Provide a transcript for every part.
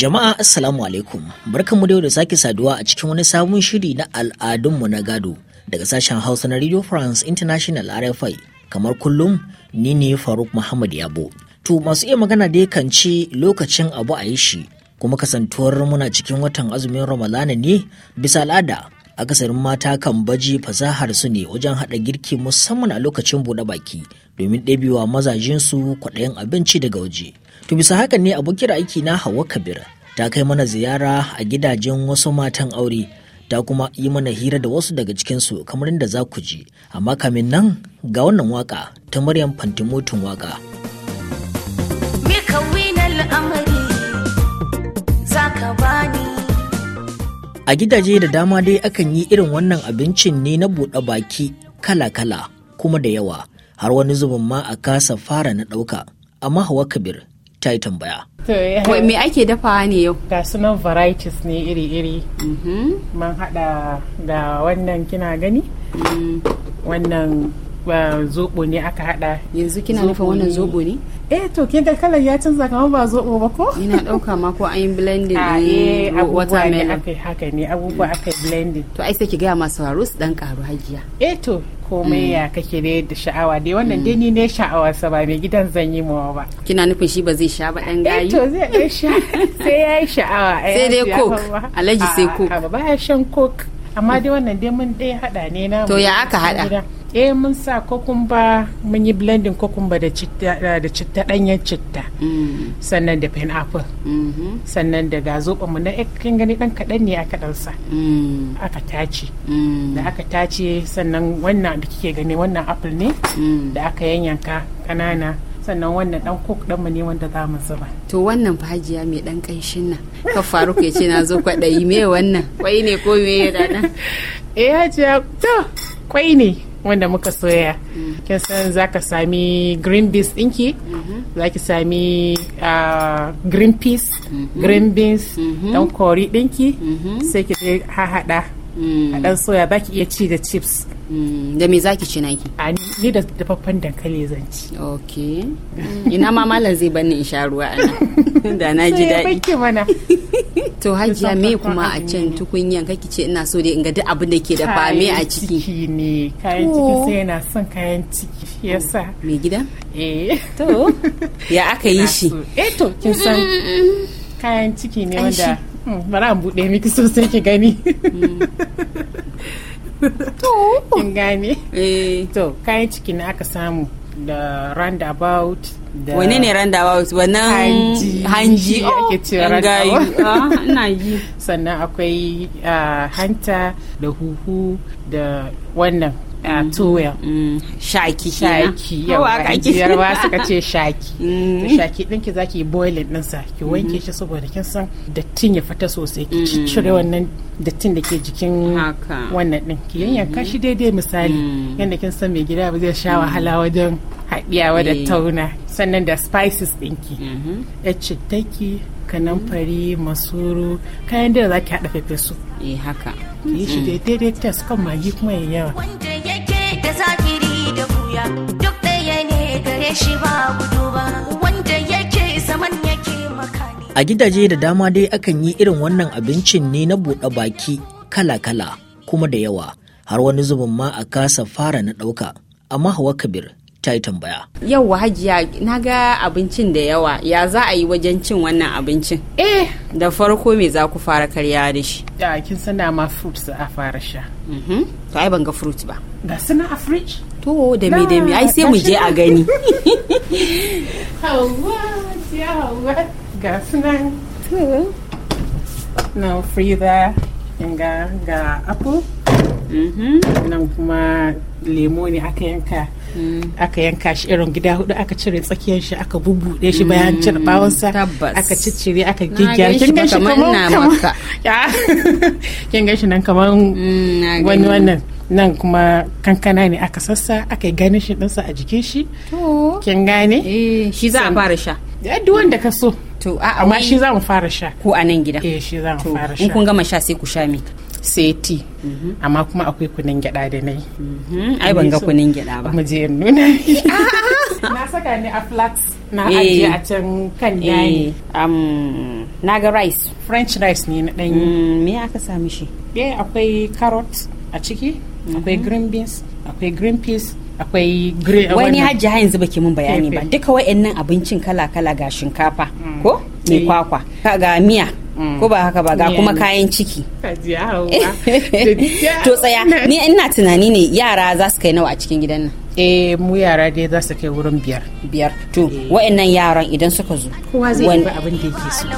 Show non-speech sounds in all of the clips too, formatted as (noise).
Jama'a Assalamu alaikum barkanmu da yau da sake saduwa a cikin wani sabon shiri na al'adunmu na gado daga sashen Hausa na Radio France International RFI kamar kullum ni ne Faruk Muhammad Yabo. To masu iya magana da kan ci lokacin abu a yi shi kuma kasantuwar muna cikin watan azumin Ramadana ne bisa al'ada akasarin mata kan baje fasahar su ne wajen haɗa girki musamman a lokacin buɗe baki domin ɗabiwa mazajensu kwaɗayin abinci daga waje. To bisa haka ne abokin aiki na Hauwa Kabir ta kai mana ziyara a gidajen wasu matan aure ta kuma yi mana hira da wasu daga cikinsu kamar inda za ku ji amma kamin nan ga wannan waka ta maryam fantimotin waka a gidaje da dama dai akan yi irin wannan abincin ne na buɗe baki kala-kala kuma da yawa har wani zubin ma a kasa fara na ɗauka amma hawa kabir ta yi tambaya. Wai me ake dafawa ne yau? Ga sunan varieties ne iri-iri. Man mm-hmm. haɗa da wannan kina gani? Mm-hmm. Wannan ah, zobo ne aka haɗa. Yanzu kina nufin wannan zobo ne? eh to kin ga kalar ya canza kamar ba zo ba ko ina dauka ma ko an yi blending ah, eh, ne wata mai akai haka ne abubuwa mm. akai blending to ai sai ki ga masu sauraro su dan karu hajiya eh to komai mm. ya kake ne da sha'awa dai wannan mm. dai ni ne sha'awar sa ba mai gidan zan yi mawa ba kina nufin shi ba zai sha ba dan gayi eh to zai dan sha (laughs) sai ya yi sha'awa eh, sai dai coke alaji sai ah, coke ba ya shan coke amma dai wannan dai mun dai hada ne na to ya aka hada eh mun sa kokumba mun yi blending kokumba da citta da citta danyen citta mm. sannan da pineapple mm-hmm. sannan da ga zoban mu na eh, kin gani dan kadan ne aka dan sa mm. aka tace mm. da aka tace sannan wannan da kike gani wannan apple ne da aka yanyanka kanana sannan wannan dan cook ɗanmu ne wanda za mu zuba. To wannan fajiya mai dan kanshin nan. Ka faru ke ce na zo kwaɗayi me wannan? Kwai ne ko me ya dana? (laughs) Eh hajiya to kwai ne. wanda muka soya kin san za ka sami green beans ɗinki za ki sami ah, green peas mhm. green beans dan mhm. kori ɗinki mhm. sai ki hahaɗa Mm. a dan soya za ki iya ci da chips mm. da me za ki ci naki a ni da dafaffen dankali zan ci ok mm. ina ma malam zai bani in sha ruwa a (laughs) da na ji daɗi (laughs) to hajiya me kuma a can tukunyan kake ce ina so dai in ga duk abin da ke da me a ciki Kayan ciki ne kayan ciki oh. sai yana son kayan ciki yasa oh. me gida eh to ya aka yi shi eh to kin san (laughs) kayan ciki ne wanda Hmm, bari an buɗe miki sosai ki gani to kin gane eh. to kayan ciki na aka samu da roundabout da wane ne roundabout wannan hanji ake oh, ce roundabout ah, ina yi. (laughs) sannan akwai ah, hanta da huhu da wannan a mm. towel mm. shaki shaki yawa gajiyar ba suka ce (laughs) shaki mm. shaki din ki zaki boiling din sa ki mm-hmm. wanke shi saboda kin san dattin ya fita sosai ki ciccire wannan dattin da ke jikin wannan din ki yanyanka shi mm-hmm. daidai misali yanda kin san mai gida ba zai sha wahala wajen haɗiyawa da eh. tauna sannan da spices ɗinki mm-hmm. ya cittaki kanamfari masoro kayan da za ki haɗa fefe su eh haka yi shi daidai test kan magi kuma ya yawa shi A gidaje da dama dai akan yi irin wannan abincin ne na buɗe baki kala-kala kuma da yawa har wani zubin ma a kasa fara na ɗauka. Amma Hawa Kabir ta yi tambaya. Yauwa hajiya na ga abincin da yawa ya za a yi wajen cin wannan abincin? Eh da farko me za ku fara karya da shi? Ya kin sana ma fruits a fara sha. Mhm. To ai ban ga fruits ba. Ga suna a fridge? to da me da me ai sai mu je a gani (laughs) hawa ya hawa ga sunan na frida ga ga apple mhm. nan kuma lemo ne aka yanka mm. aka yanka shi irin gida hudu aka cire tsakiyar shi aka bubuɗe shi bayan mm, cire bawonsa aka ciccire aka gigiyar kin gan shi kamar (laughs) (laughs) kin gan shi nan kamar mm, wani wannan nan kuma kankana ne aka sassa aka yi ganin shi ɗansa a jikin shi kin gane eh, shi za a fara sha eh, duk wanda ka so to a amma shi za mu fara sha ko a nan gida eh shi za mu fara sha in kun gama sha sai ku sha me sai ti mhm. amma kuma akwai kunin gyada da nai mhm. ai ban ga kunin gyada ba mu je in nuna (laughs) na saka ne a flax na eh. ajiye a can kan yayi um, na ga rice french rice ne na ɗanyi mm, me aka sami shi eh akwai carrot a ciki akwai mhm. green beans akwai green peas akwai green wani hajji ha yanzu baki mun bayani ba duka wayannan abincin kala kala ga shinkafa mm. ko mai eh. kwakwa ga miya mm. ko ba haka ba ga kuma kayan ciki (laughs) to tsaya ni ina tunani ne yara za su kai nawa a cikin gidan nan eh mu yara dai za su kai wurin biyar biyar to eh. wayannan yaran idan suka zo kowa zai yi abin da yake so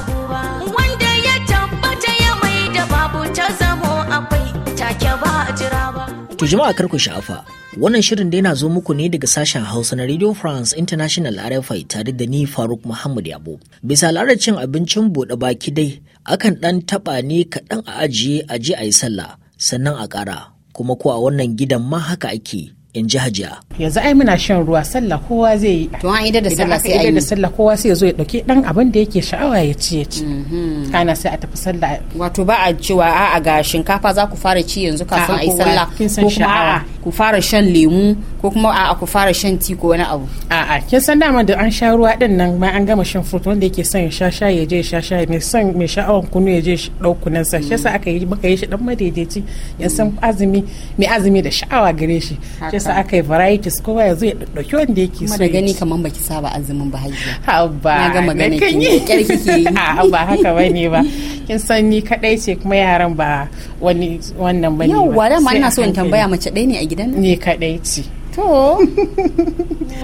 To jama'a kar ku sha'afa. Wannan shirin da yana zo muku ne daga sashen Hausa na Radio France International RFI tare da ni Faruk Muhammad Yabo. Bisa al'adar cin abincin buɗe baki dai, akan ɗan taɓa ne kaɗan a ajiye a je a yi sallah, sannan a ƙara. Kuma ko a wannan gidan ma haka ake. in ji hajiya. yanzu ai muna shan ruwa sallah kowa zai yi to an idan da sallah sai ayi da sallah kowa sai ya zo ya dauke dan abin da yake sha'awa ya ci ya ci mhm. kana sai a tafi sallah wato ba a cewa a'a ga shinkafa za ku fara ci yanzu kafin ayi sallah ko kuma a'a ku fara shan lemu ko kuma a'a ku fara shan ti ko wani abu a'a kin san dama da an sha ruwa din nan ma an gama shan fruit wanda yake son ya sha sha ya je ya sha shayi mai son mai sha'awan kunu ya je dau kunan sa shi yasa mm. aka yi maka yi shi dan madaidaici ya san azumi mai azumi da sha'awa gare shi yasa aka yi varieties kowa yanzu ya dauki wanda yake so gani kamar baki saba azumin ba haji ha na ga magana kin yi kirkike ha (laughs) ba haka bane ba kin san ni kadai ce kuma yaran ba wani wannan bane yawwa da ma ina so in tambaya mace ɗaya ne a gidan ni kadai ce to (laughs)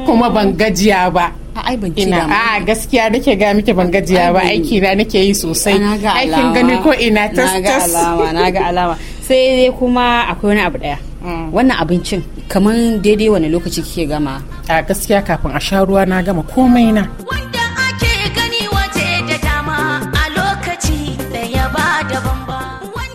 kuma ban gajiya ba ai ban ina a gaskiya nake ga miki ban gajiya ba aiki na nake yi sosai aikin gani ko ina tas tas na ga alama na ga alama sai dai kuma akwai wani abu daya Mm. wannan abincin kamar daidai wani lokaci kike gama a gaskiya kafin a sha ruwa na gama komai na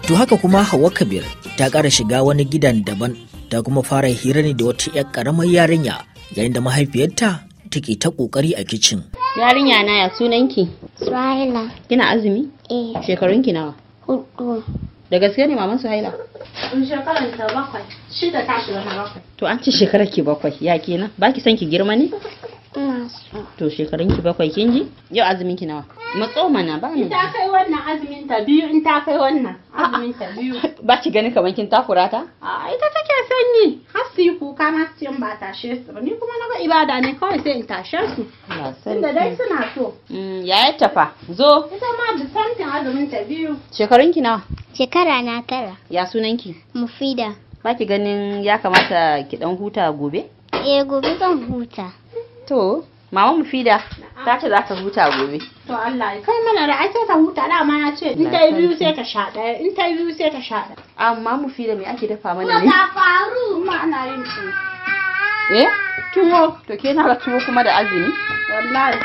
To haka kuma Hauwa Kabir ta kara shiga wani gidan daban ta kuma fara hira ne da wata 'yar karamar yarinya yayin da mahaifiyarta take ta kokari a kicin. Yarinya na ya sunanki? Suhaila. Kina azumi? Eh. Shekarunki nawa? Hudu. da gaske ne maman suhaila in shekarar ta bakwai shida ta shiga na bakwai to an ce shekarar ki bakwai ya kenan baki san ki girma ne to shekarun ki bakwai kin ji yau azumin ki nawa matso mana ba ni ta kai wannan azumin ta biyu in ta kai wannan azumin ta biyu (laughs) ba ki gani kamar kin takura ta a ita take sanyi. har su yi kuka ma su in ba tashe su ba ni kuma na ga ibada ne kawai sai in tashe su tunda dai suna so yaya mm, tafa zo ita ma da santin azumin ta biyu shekarun ki nawa shekara na tara ya sunan ki mufida ba ki ganin ya kamata ki dan huta gobe eh gobe zan huta to mama mufida ta ce za ta huta gobe to Allah ya kai mana da ake ta huta da ma na ce in ta biyu sai ta sha daya in ta biyu sai ta sha daya amma mufida me ake dafa mana ne ta faru ma ana yin tuwo eh tuwo to ke na tuwo kuma da azumi wallahi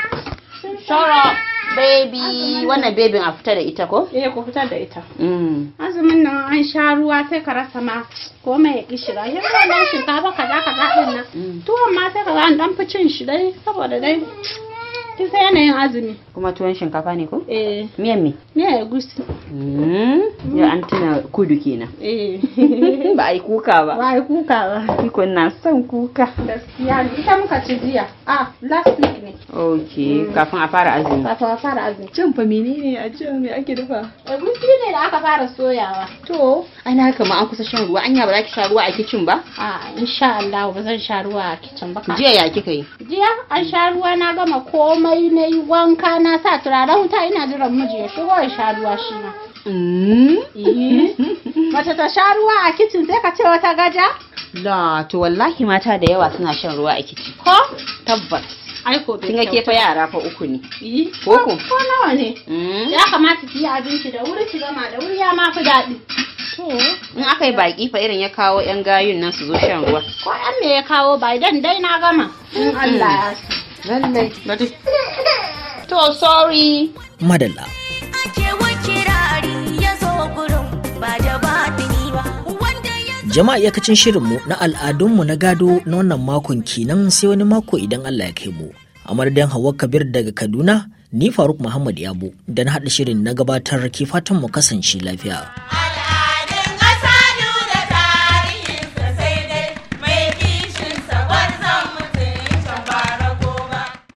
shara baby wannan baby a fita da ita ko? eh ko fita da ita mm. azumin nan an sha ruwa sai ka rasa ma ko mai ya kishira ya ruwa nan shinkafa kaza kaza din nan mm. tuwon ma sai ka ga an dan ficin shi dai saboda dai kin san yanayin azumi kuma tuwon shinkafa ne ko eh miyan me miyan egusi mm ya an tuna kudu kenan eh (laughs) ba yi kuka ba ba yi kuka ba iko na son kuka gaskiya ita muka ci jiya ah last week ne okay hmm. kafin a fara azumi kafin a fara azumi cin fa menene a cin me ake dafa egusi ne da aka fara soyawa to ai na kama an kusa shan ruwa anya ba za ki sha ruwa a kicin ba a ah, insha Allah ba zan sha ruwa a kicin ba jiya ya kika yi jiya an sha ruwa na gama koma. na yi na yi wanka na sa turaren wuta ina jiran miji ya shigo ya sha ruwa shi ma. Mm. Eh. (laughs) Mace ta sha ruwa a kicin sai ka ce wata gaja? La to wallahi mata da yawa suna shan ruwa a kicin. Ko? Tabbas. aiko bai kinga kefa yara fa uku ne eh. ko ko ko nawa ne mm. ya kamata ki yi abinci da wuri ki gama da wuri ya ma fi daɗi in aka yi baki fa irin ya kawo yan gayun nan su zo shan ruwa ko yan me ya kawo ba idan dai na gama in Allah ya lallai to sorry madalla jama'a iyakacin shirinmu na al'adunmu na gado na wannan makon kenan sai wani mako idan Allah ya kai mu a madadin hawa kabir daga kaduna ni faruk muhammad yabo da haɗa shirin na gabatar ke fatan mu kasance lafiya.